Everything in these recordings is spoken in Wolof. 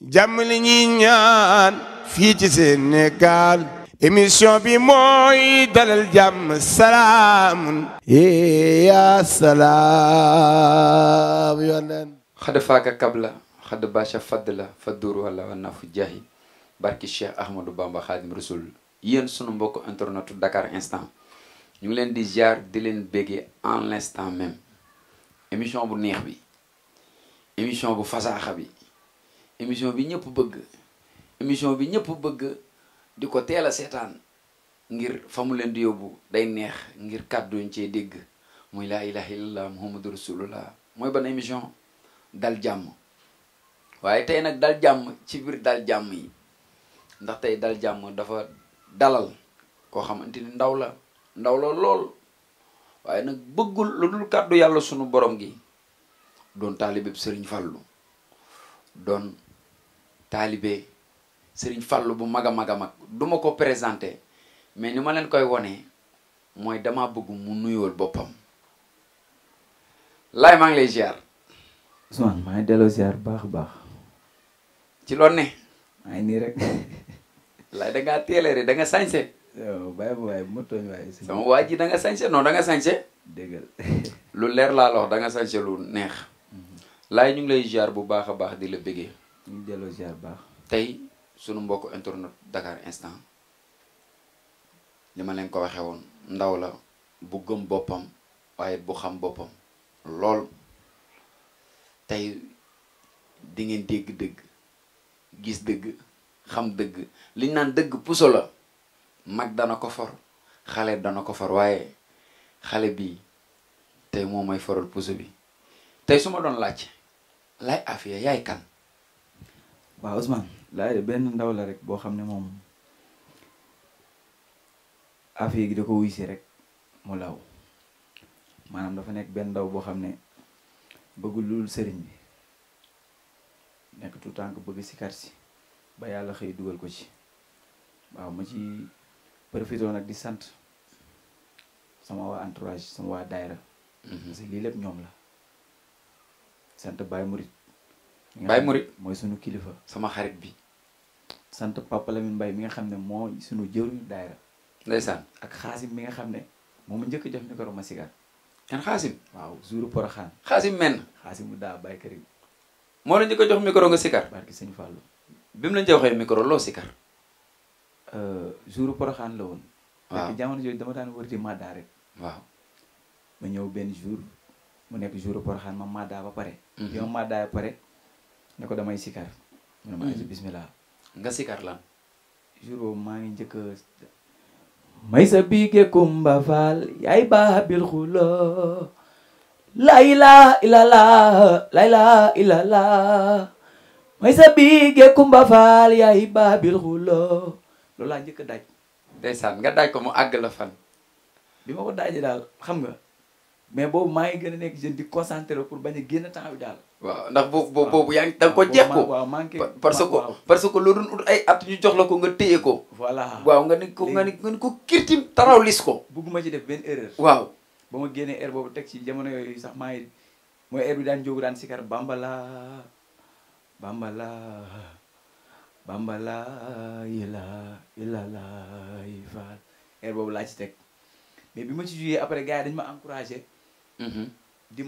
jàmm li ñuy ñaan fii ci Sénégal émission bi mooy dalal jàmm salaam eh, ya salaam yonen xad faaka kabla xad basha fadla fadur wala wana fu jaahi barki Cheikh Ahmadou Bamba Khadim Rasoul yéen sunu mbokk internetu Dakar instant ñu ngi leen di jaar di leen béggee en l'instant même émission bu neex bi émission bu fasaaxa bi émission bi ñëpp bëgg émission bi ñëpp bëgg di ko teel ngir fa mu leen di yóbbu day neex ngir kàdduñ cee dégg muy laa ilaha illallah muhammadu rasulullah mooy ban émission dal jàmm waaye tey nag dal jàmm ci biir dal jàmm yi ndax tey dal jàmm dafa dalal koo xamante ni ndaw la ndaw la lool waaye nag bëggul lu dul kàddu yàlla sunu borom gi doon taalibeb sëriñ fàllu doon taalibe Serigne Fallou bu mag a mag a mag du ma ko présenté mais ni ma leen koy wone mooy dama bëgg mu nuyool boppam laay maa ngi lay ziar. maa ngi delloo ziar baax baax. ci loon ne. nii rek. laay da da nga sañse. waaw bàyyi ma waaye motoñ waaye. sama waa ji da nga sañse non da nga sañse. dëgg lu leer laa la da nga sañse neex. Mhm. laay ñu ngi lay ziar bu baax a baax di la bëggee. ñu delloo ziar baax. tey sunu mbokk internet Dakar instant li ma leen ko waxee woon ndaw la bu gëm boppam waaye bu xam boppam lool tey di ngeen dégg gis dëgg xam dëgg liñ naan dëgg puso la mag dana ko for xale dana ko for waaye xale bi tey moo may foral puso bi tey su ma doon laaj laaj afiya yaay kan waaw Ousmane laay benn ndaw la rek boo xam ne moom affaire gi da ko wuy si rek mu law maanaam dafa nekk benn ndaw boo xam ne bëggul lul sëriñ bi nekk tànk temps bëgg si kar si ba yàlla xëy dugal ko ci waaw ma ci profité nag di sant sama waa entourage sama waa daayra mhm. parce lii lépp ñoom la sant Baye Mouride Mbaye Mouride mooy suñu kilifa. sama xarit bi. sant Papa Lamine Mbaye mi nga xam ne mooy sunu jëruñu daayra. ndeysaan ak xaasim mi nga xam ne moom mu njëkk jox micro Massiga. kan xaasim. waaw jouru Poroxaan. xaasim men. xaasimu daa moo la njëkk jox micro nga sikar. barki sëñ Fallou. bi mu la joxee micro loo sikar. jouru euh, Poroxaan la woon. waaw fekk jamono jooju dama daan wër di Maada rek. waaw ma ñëw benn jour mu nekk jouru Poroxaan ma Maada ba pare. Mhm. ma Maada ba pare. ne ko damay sikar mu ne ma hmm. nga sikar lan jour boobu maa ngi njëkk may sa biige kumba faal yaay baabil xulo la ilaha illallah la ilaha illallah may sa biige kumba faal yaay baabil xulo loolu laa njëkk a daaj ndeysaan nga daaj ko mu àgg la fan bi ma ko daajee daal xam nga mais boobu maa ngi gën a nekk jeune di concentré pour bañ a génn temps bi daal. waaw ndax boobu boobu yaa ngi da nga ko jeex ko waaw manqué parce que parce que at ñu jox la ko nga téye ko. voilà waaw nga ni ko nga ni ko kirtim taraw lis ko. bugguma ci def benn erreur. waaw ba ma génnee erreur boobu teg ci jamono yooyu sax maa mooy erreur bi daan jógu daan sikar bambala bambala bambala yila yila boobu laa ci teg mais bi ma ci jugee après gars yi dañ ma encouragé. Mm-hmm. di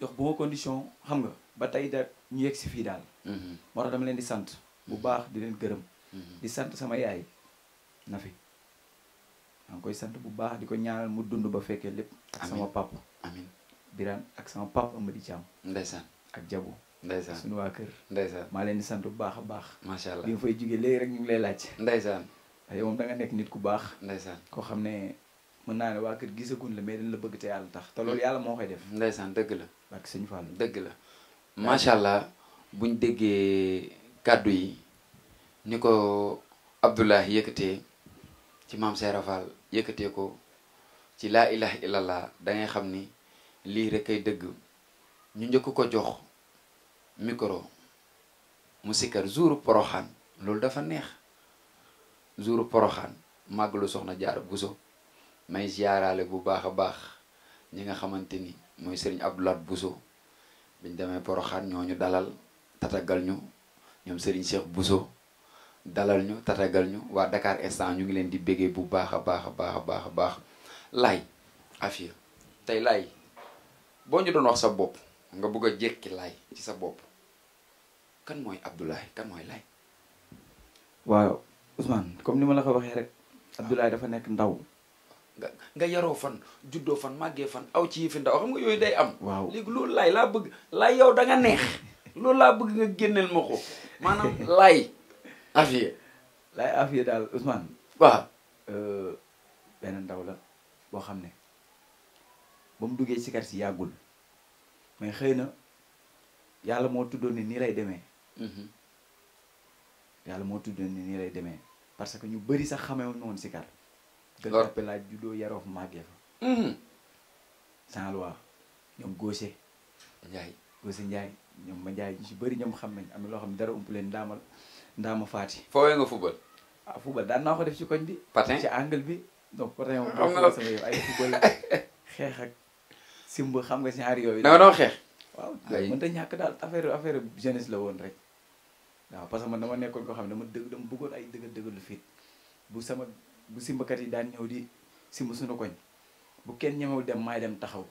jox bon condition xam nga ba tay da ñu yex fi dal hmm mara dama len di sante bu mm-hmm. baax di len mm-hmm. di sante sama yaay na fi ang koy sante bu baax di ko ñaanal mu dund ba fekke lepp ak sama papa amin biran ak sama papa di jam ndaysan ak Jabo ndaysan sunu wa keur ndaysan ma len di sante bu baax baax ma sha allah bi fay jugge léegi rek ñu lay lacc ndaysan yow mom da nga nek nit ku baax ndaysan ko xamne mën naa ne waa kër gisaguñ la mais dañ la bëgg te yàlla tax te loolu yàlla moo koy def. ndeysaan dëgg la. ak sëñ Fall dëgg la macha allah buñ déggee kàddu yi ni ko Abdoulaye yëkkatee ci maam Seera Fall yëkkatee ko ci laa ilaha illallah da ngay xam ni lii rek ay dëgg ñu njëkk ko jox micro mu sikkar jouru poroxaan loolu dafa neex jouru poroxaan lu soxna Jaara Buso may ziyaaraale bu baax baax ñi nga xamanteni moy serigne abdoulat Bousso biñ démé poroxat ñoñu dalal tatagal ñu ñom serigne Cheikh Bousso dalal ñu tatagal ñu wa Dakar instant ñu ngi leen di béggee bu baax a baax a baax lay, afir, tay lay bo afia ñu doon wax sa bop nga bëgg jekki lay ci sa bop kan moy abdoulay kan moy lay, waaw Ousmane comme ni ma la ko waxé rek abdoulay dafa nek ndaw nga nga yaroo fan juddo fan magge fan aw ci yëfi ndaw xam nga yoy day am. wow léegi loolu laay laa bëgg lay yow da nga neex loolu la bëgg nga gennel mako manam lay laay afiye laay afiye daal Ousmane. euh ben ndaw la bo xamne bam duggé ci kar ci yagul yàggul mais xëy na yàlla moo ni lay démé hmm yalla mo tudone ni lay démé parce que ñu bëri sax non ci kar Ngor Pella juddoo yaroo fa màggee mhm. fa. ñoom ma Ndiaye ñu si bëri ñoom xam nañ am loo xam ne dara leen ndaamal ndaama faati. foowee nga football. ah daan naa ko def ci koñ bi. patin ci angle bi. donc xeex ak simb xam nga ñaari yooyu. da nga doon xeex. waaw mën ta daal affaire affaire jeunesse la woon rek. waaw parce que man dama nekkoon ko xam ne dama dëgg dama ay dëgg dëgg lu fit bu sama bu simbakat yi daan ñëw di simb suñu koñ bu kenn ñemewul dem maay dem taxaw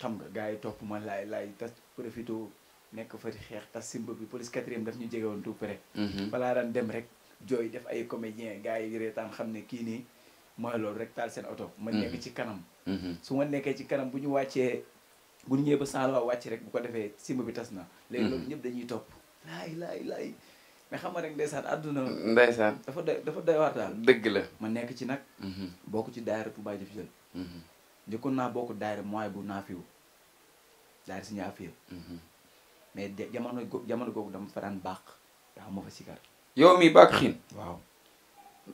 xam nga gaa yi topp ma laay laay tas profité nekk fa di xeex tas simb bi police quatrième daf ñu jege woon tout près. Mhm. balaa daan dem rek jooy def ay comédien gars yi reetaan xam ne kii nii mooy loolu rek taal seen oto. ma nekk mhm. ci kanam. Mhm. su ma nekkee ci kanam bu ñu wàccee bu ñu ñëwee ba Saalum wàcc rek bu ko defee simb bi tas na. léegi loolu ñëpp dañuy topp laay laay laay. mais xam nga rek ndeysaan àdduna. ndeysaan dafa doy dafa doy waar daal. dëgg la ma nekk ci nag. Mhm. bokk ci daayira Touba Jëf Jël. Mhm. njëkkoon naa bokk daayira mooy bu naafiwu daayira si ñaafiwu. Mhm. mais jamono go jamano googu dama faraan baax daa ma fa sikar. yow mii baax xiin. waaw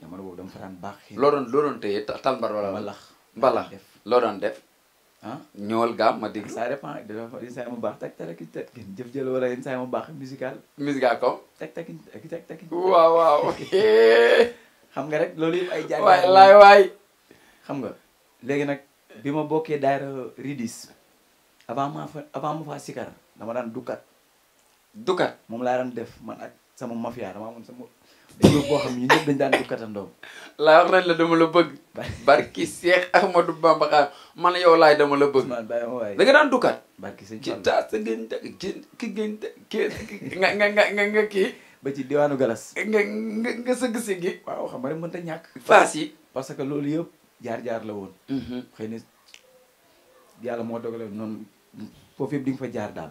jamono boobu dama faraan baax xiin. loo doon loo doon téye talmbar wala. mbalax mbalax loo doon def. ah ñëwal gaam ma dégg ça dépend yenn saa yi baax tak tak ki tak jëf jël baax musical musical comme tak tak ki tak tak waaw waaw xam nga rek loolu yëpp ay jàng waay waay xam nga léegi nag bi ma bokkee daayra ridis avant fa avant ma faa dama daan dukkat dukkat moom laa daan def man ak sama mafia dama amoon sama góor boo xam ne ñëpp dañ daan dukkatandoom laa wax nañ la dama la bëgg barki Cheikh ya. Ahmadou Bamba xaar man yow laay dama la bëgg da nga daan dukkat barki sëñ ci taa sa gën da gén ki gén da nga nga nga nga nga kii ba ci diwaanu galas nga nga nga sëgg sëggi waaw xam nga rek mënta ñàkk faas yi parce que loolu yëpp jaar-jaar la woon xëy na yàlla moo dogale noonu foofu yëpp di nga fa jaar daal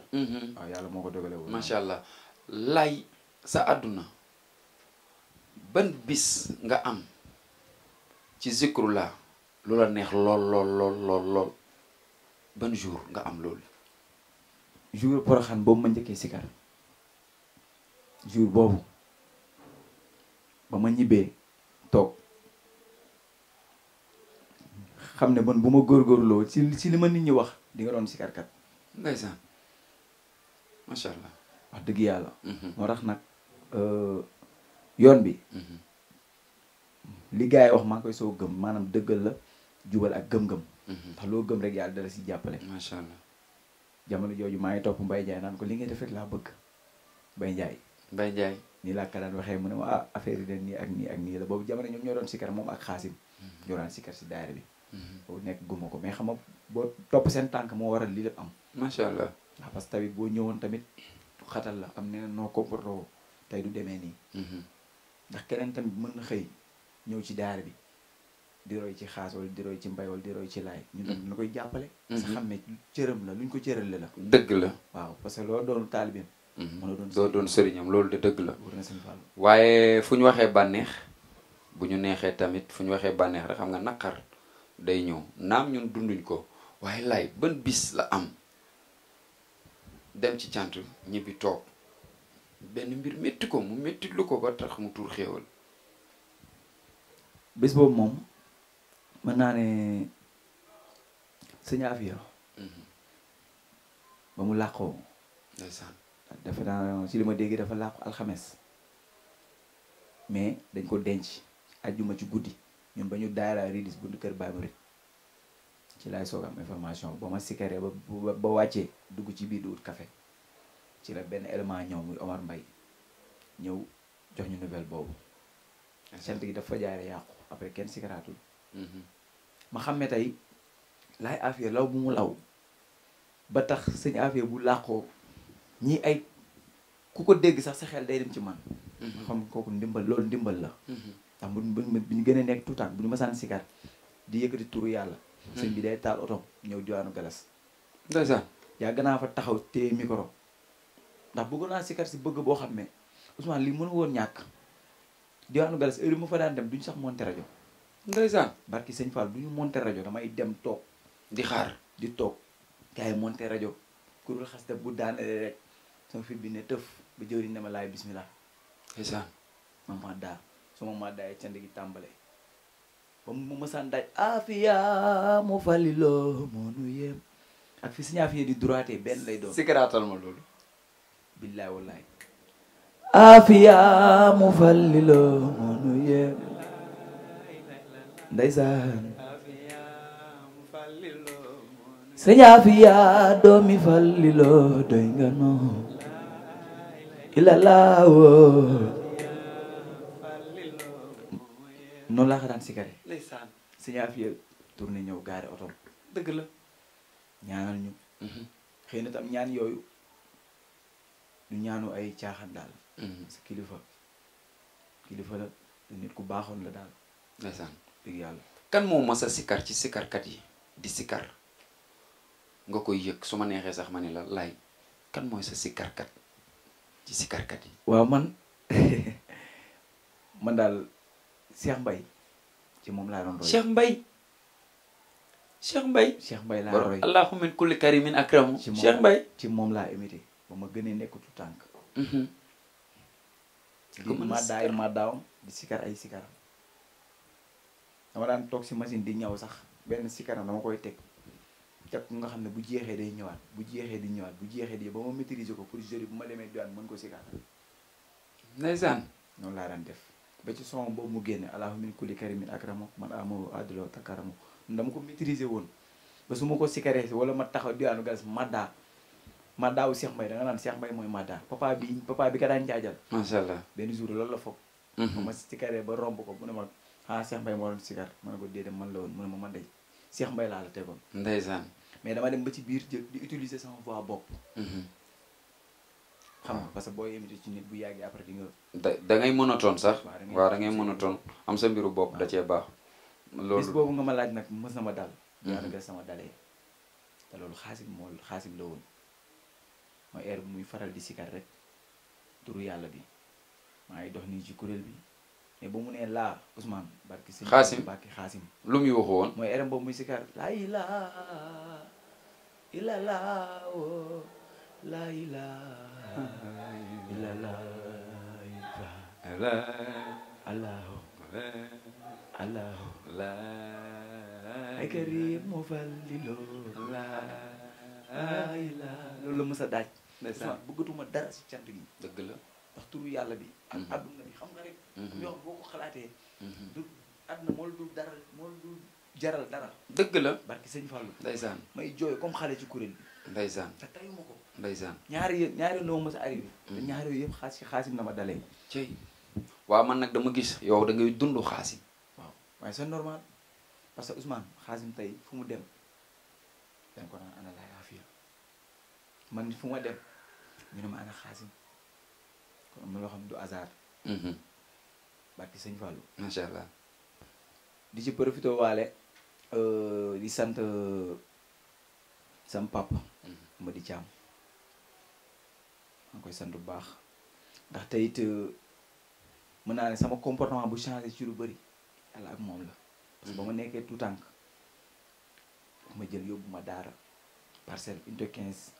waaw yàlla moo ko dogale woon macha allah lay sa àdduna ban bis nga am ci zikrullah lola neex lol lol lol lol lol ban jour nga am lol jour poroxaan bo ma njëkkee sikar jour bobu ba ma tok, tok xam ne bon gor ma góorgóorloo ci ci lima nit ñi wax di nga doon sikarkat ndeysaan macha allah wax deug yalla mo mhm. tax euh yoon bi mhm. li gars wax maa koy so gëm manam deugal la jubal ak gëm-gëm mhm. ndax lo gëm rek dara dala si ma sha allah jamono joju maa ngi topp Mbaye Ndiaye naan ko li ngay def rek laa bëgg Mbaye Ndiaye Mbaye Ndiaye ni la ko daan waxee mu ne wa ah, affaire yi de nii ak ni ak ni la bobu jamono ñom ñoo doon sikkar mom ak khasim mhm. ñoo doon sikkar si daara bi bo nek guma mais xam bo top sen tank mo waral lii lépp am sha allah parce que tamit boo tamit xatal la am ne no ko tay du demee ni ndax keneen tamit mën na xëy ñëw ci daara bi di roy ci xaas wala di roy ci mbay wala di roy ci laay. ñu doon na koy jàppale. Mm-hmm. sa xam ne cëram la luñ ko cërale la. dëgg la waaw parce que loolu doonu taalibeem. Mm-hmm. mën doon doo doon sëriñam loolu de dëgg la. waaye fu ñu waxee bànneex bu ñu neexee tamit fu ñu waxee bànneex rek xam nga naqar day ñëw naam ñun dunduñ ko waaye laay ban bis la am dem ci cant ñibbi toog. ben mbir metti ko mu metti lu ko ba tax mu tour xewal bés boobu mom mën naa ne sëñ Afia mhm. ba mu làqoo ndeysaan dafa daan ci li ma dégg dafa làqu alxames mais dañ ko denc ajjuma ci goudi ñun bañu daara daayira ridis buntu kër Baay Murit ci lay soog information bama sikere ba ba wàccee dugg ci biir di wut café ci la benn élément ñëw muy Omar Mbaye ñëw jox ñu nouvelle boobu. sant gi dafa jaare yàqu après kenn sikaraatul mm-hmm. ma xam ne tey laay affaire law bu mu law ba tax sëñ affaire bu làqoo ñii ay ku ko dégg sax sa xel day dem ci man. Mm-hmm. xam kooku ndimbal loolu ndimbal la. Mm-hmm. ndax bu bu ñu gën a nekk tout temps bu ñu masaan sikar di yëkkati turu yàlla. sëñ bi day taal oto ñëw diwaanu galas. ndeysaan yàgg naa fa taxaw téye micro. ndax bëggu naa sikkar si bëgg boo xam ne Ousmane lii mënu woon ñàkk diwaanu galas heure mu fa daan dem duñ sax monter rajo ndeysaan barki sëñ Fall duñu monter rajo damay dem toog di xaar di toog gars yi monter rajo kurul xaste bu daan rek sama fi bi ne tëf ba jëwriñ ne ma laay bismillah ndeysaan ma maddaa suma maddaay cand gi tàmbale ba mu mësaan daaj afiya mu faliloo moo nu yem ak fi siñaa fi di droité benn lay doon sikaraatal ma loolu billaay wallaay afiya mu falliloo munu yee ndeysaan sëñ afiya doomi falliloo doy nga noo ilalaawoo noonu laa ko daan sikare sëñ afiya tourné ñëw gaare otom dëgg la ñaanal ñu mhm. xëy na tam ñaan yooyu du ñaanu ay tiaxat dal, mhm. parce que kilifa kilifa la nit ku baxon la dal, ndeysaan dig yalla kan mo massa sikar ci kat yi di sikar nga koy yek suma nexe sax ma la kan moy sa kat ci kat yi. wa man man dal Cheikh mbay ci mom la don roy. Cheikh mbay Cheikh mbay Cheikh mbay la roy allahumma kulli karimin akramu. Cheikh mbay ci mom la imiter ba ma gënee nekk tu tànk mhm. lii ma daay ma daaw di sikar ay sikaram dama daan toog si machine di ñaw sax benn sikaram dama koy teg teg ku nga xam ne bu jeexee day ñëwaat bu jeexee di ñëwaat bu jeexee di ba ma maîtriser ko pour jori bu ma demee diwaan mën ko sikar ndeysaan noonu laa daan def ba ci son boobu mu génne allahu min kulli karimin akramo man amoo adlo takaramo dama ko maîtriser woon ba su ma ko sikaree si wala ma taxaw diwaanu gas ma daw Cheikh mbay da nga nan Cheikh mbay moy Madaa papa bi papa bi ka daan jaajal. macha allah ben jour loolu la fop ma ci carré ba romb ko mu ne ma ha Cheikh mbay mo doon sikar ma ne ko dede man la won mu ne ma man de Cheikh mbay la la tegon ndaysan mais dama dem ba ci biir di utiliser sama voix bopp. xam nga parce que boo yëngatu ci nit bu yàggee après di nga. da ngay monotone sax. wa da ngay monotone am sa mbiru bop da ci bax loolu bis bobu nga ma laaj nak mësna ma dal. nga mhm. sama dalé eh. te loolu xaasim moo xaasim la woon. mooy heure bu muy faral di sikar rek turu yàlla bi maa ngi dox nii ci kuréel bi mais ba mu nee laa Ousmane. barki sëñ xaasim barki xaasim. lu muy waxu woon. mooy heure boobu muy sikar laa ilaaha illallah laa ilaaha illallah allahu laa kariim mu falli loo laa ilaa loolu la mës a daaj ndeysaan bëggatuma dara si cant gi dëgg la ndax turu yàlla bi ak adduna mhm. bi xam nga rek ñoo mhm. boo ko xalaatee mhm. du adduna mool du jaral dara dëgg la barki sëñ Fallou ndeysaan may jooy comme xale ci kuréel bi ndeysaan te tayuma ko ndeysaan ñaari yëpp ñaari noo ma sa arrivé te ñaari yëpp xaas xaasim na ma dalee cey waaw man nag dama gis yow da ngay dund xaasi waaw waaye c'est normal parce que Ousmane xaasim tey fu mu dem dañ ko naan ana afiya man fu dem ñu ne ma ana xaasim kon am xam du hasard. Mhm. barki sëñ Fallou. macha allah. di ci profité waale euh, di sant euh, sam papa. ma di caam maa koy sant bu baax ndax tey it euh, mën naa ne sama comportement bu changé ci lu bëri yàlla ak moom la. parce que ba ma mhm. nekkee tout tànk ma jël yóbbu ma daara parcelle unité 15.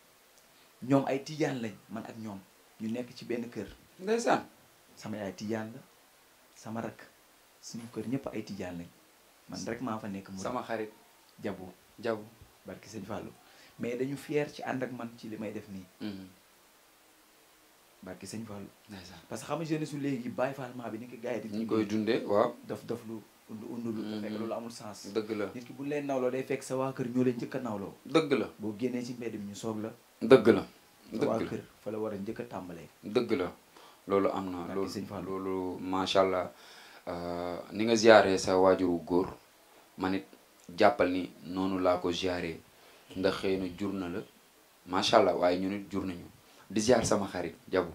ñoom ay tijaan lañ man ak ñoom ñu nekk ci benn kër. ndeysaan. sama yaay tijaan la sama rakk suñu kër ñëpp ay tijaan lañ man rek maa fa nekk. mu sama xarit jabu jabu barki sëñ Fallou mais dañu fier ci ànd ak man ci li may def nii. Mhm. barki sëñ Fallou. parce que xam nga jeunesse su léegi bàyyi fallement bi ni ko gars yi di. ñu koy dundee waaw. daf daf lu undu undu lu. fekk mhm. loolu amul sens. dëgg la nit ki bu ñu leen nawloo day fekk sa waa kër ñoo leen njëkk a nawloo. dëgg la boo génnee ci mbedd mi ñu soog la. dëgg la dëgg war a njëkk a dëgg la loolu am na loolu loolu macha allah euh, ni nga jaaree sa waajuru góor ma it jàppal ni noonu laa ko ziaree ndax xëy na jur na la macha allah waaye ñu nit jur nañu di ziar sama xarit jabu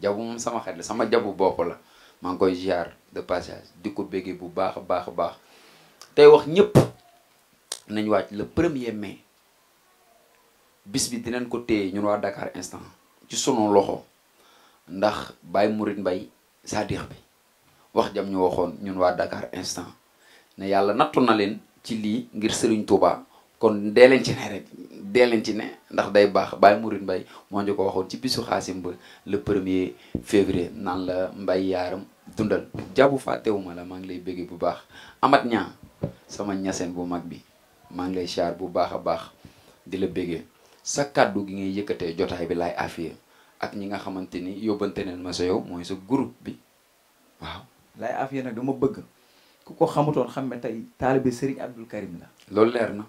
jabu moom sama xarit la sama jabu bopp la maa ngi koy ziar de passage di ko béggee bu baax a baax a baax tey wax ñëpp nañ wàcc le premier mai. bis bi dinañ ko téye ñun waa dakaar instant ci sunu loxo ndax baay Mouride mbay cest bi wax jam ñu waxoon ñun waa Dakar instant ne yàlla nattu na leen ci lii ngir Serigne Touba kon dee leen ci ne ndax day baax Baye Mouride Mbaye moo ñu ko waxoon ci bisu xaasim ba le premier février naan la mbay yaaram dundal jàbu fàttewuma la maa ngi lay bëgg bu baax amat ñaa sama ñaseen bu mag bi maa ngi lay char bu baax a baax di la bëggee sa kaddu gi ngay yëkëté jotay bi lay afiya ak ñi nga xamanteni ni yóbbante neen ma sa yow moy sa groupe bi waaw lay afiya nak dama bëgg ku ko xamutoon xam ne tey Serigne Abdou Karim la lool leer na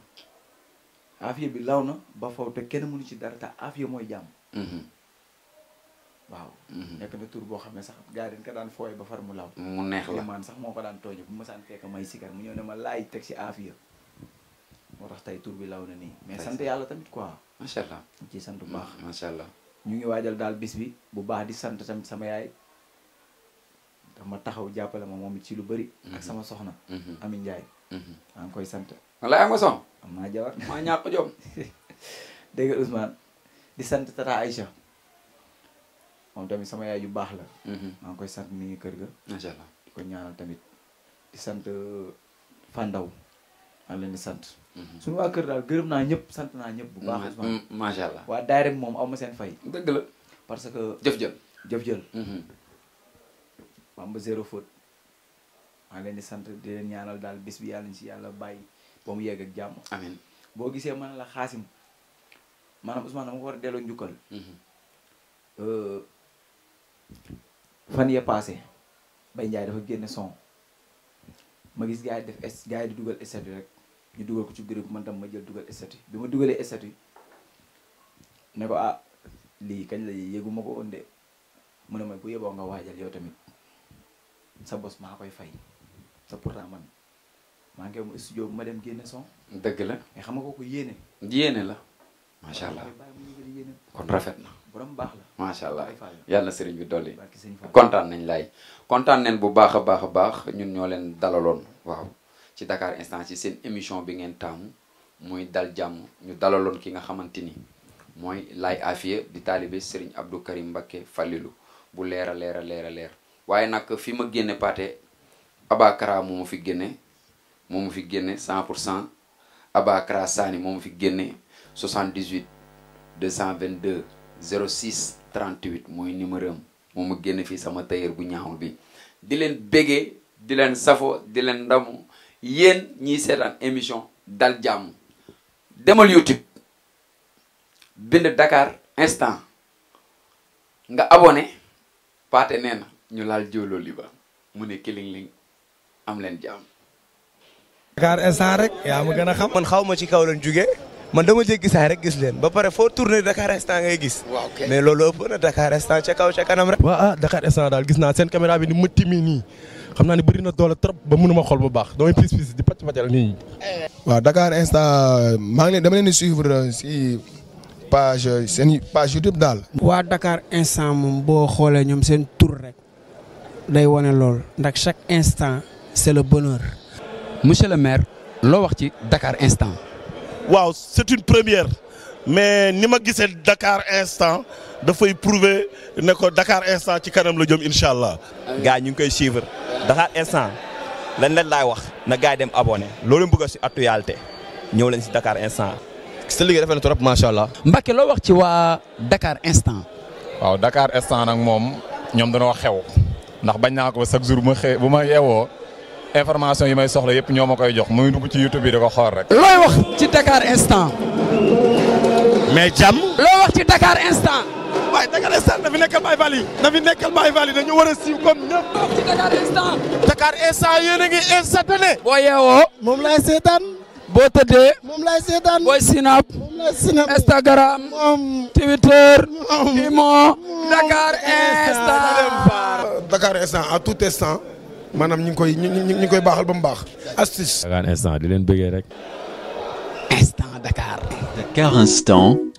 afiya bi lawna ba faaw te kenn mënu ci dara te moy jamm hmm waaw mhm. nek na tour bo xam sax gaarin ka daan foy ba far mu law mu neex la man sax moko daan toñu bu ma ka may sikar mu ñëw ne ma lay tek ci tax bi lawna na mais sante yalla tamit quoi Masya allah ci sant bu baax allah ñu ngi waajal daal bis bi bu baax di sant tamit sama yaay ndax ma taxaw jàppale ma moom ci lu bëri ak mhm. sama soxna mhm. Amin Njaay mhm. maa ngi koy sant wala am nga soxna am naa jabar maa ñàkk jom dégg nga Ousmane di sant tata Aïcha moom tamit sama yaay yu baax la koy sant mi ngi kër ga allah di ko ñaanal tamit di sant euh, Fandaw maa ngi sant. Mhm. suñu waa kër daal gërëm naa ñëpp sant naa ñëpp. bu baax a baax mm, mm, macha allah. waa daayira moom aw seen fay. dëgg la parce que. jëf jël jëf zéro faute. maa ngi leen di sant di ñaanal daal bis bi yàlla ci yàlla bàyyi ba mu yegg ak jàmm. boo gisee man la xaasim maanaam Ousmane dama ko war delloo njukkal. Mhm. Euh, fan yee passé Baye Ndiaye dafa génne son ma gis gars def est gars yi dugal essai rek. ñu dugal ko ci groupe man tam ma jël dugal statut bi ma dugalee statut ne ko ah lii kañ la yëguma ko woon de mu ne ma bu yeboo nga waajal yow tamit sa bos maa koy fay sa pourtant man maa ngi am studio bu ma dem génne son. dëgg la mais xam nga kooku yéene. yéene la macha allah kon rafet na. borom baax la macha allah yàlla na sëriñ bi dolli kontaan nañ laay kontaan nañ bu baax a baax a baax ñun ñoo leen dalaloon waaw. ci Dakar instant ci seen émission bi ngeen taamu moy dal jàmm ñu dalalon ki nga xamante moy lay Laye di taalibe Serigne Abdou Karim Mbacké fallilu bu leer a leer a waye nak fi ma génne paté Abakara mo fi génne moo fi génne 100 pour Abakara Sani moo fi génne 78 222 06 38 moy numéro am moo ma génne sama tailleur bu ñaawul bi di len bégee di len safo di len ndamu yéen ñiy seetaan émission daal jàmm demal YouTube bind Dakar instant nga abonné paate nee na ñu laal jóoloo li ba mu ne kiling-ling am leen jàmm Dakar instant rek yaa ma gën a xam man xaw ma ci kaw leen juge man dama jéggi saay rek gis leen ba pare foo tourné Dakar instant ngay gis. waaw mais loolu ëpp na Dakar instant ca kaw ca kanam rek. waaw ah Dakar instant daal gis naa seen caméra bi ni mëtti mi nii. xamna ni bari na doole trop ba mënuma xol bu baax damay pis pis di pàcc pàccal nit ñi. waaw Dakar instant maa ngi leen dama leen di suivre si page seen page YouTube dal wa Dakar instant moom bo xolé ñoom sen tour rek day wane lool ndax chaque instant c'est le bonheur. monsieur le maire lo wax ci Dakar instant. waaw c'est une première mais ni ma gisee Dakar instant dafay prouver ne ko Dakar instant ci kanam la jëm incha allah. gars ñu ngi koy suivre Dakar instant lan leen laay wax na gars dem abonné loolu bëgg si actualité ñëw leen si Dakar instant. sa liggéey rafet na trop macha allah. Mbacke loo wax ci waa Dakar instant. waaw Dakar instant nag moom ñoom danoo xew ndax bañ naa ko chaque jour bu ma xee information yi may soxla yëpp ñoo ma koy jox muy dugg ci YouTube bi da ko xool rek. looy wax ci Dakar instant mais jàmm. loo wax ci Dakar instant. waaye Dakar instant na fi nekkal Bay Fall yi. na fi nekkal Baye Fall yi dañu war a comme ñëpp. loo wax Dakar instant. Dakar instant yéen a ngi instantané. boo yeewoo. moom laay seetaan. boo tëddee. moom laay seetaan. booy sinap. moom laay sinap Instagram. moom Twitter. moom Imo. Dakar instant. Dakar instant à tout instant. maanaam ñu ngi koy ñu koy baaxal ba mu baax. astuce. Dakar instant di leen bëggee rek. instant Dakar. Dakar instant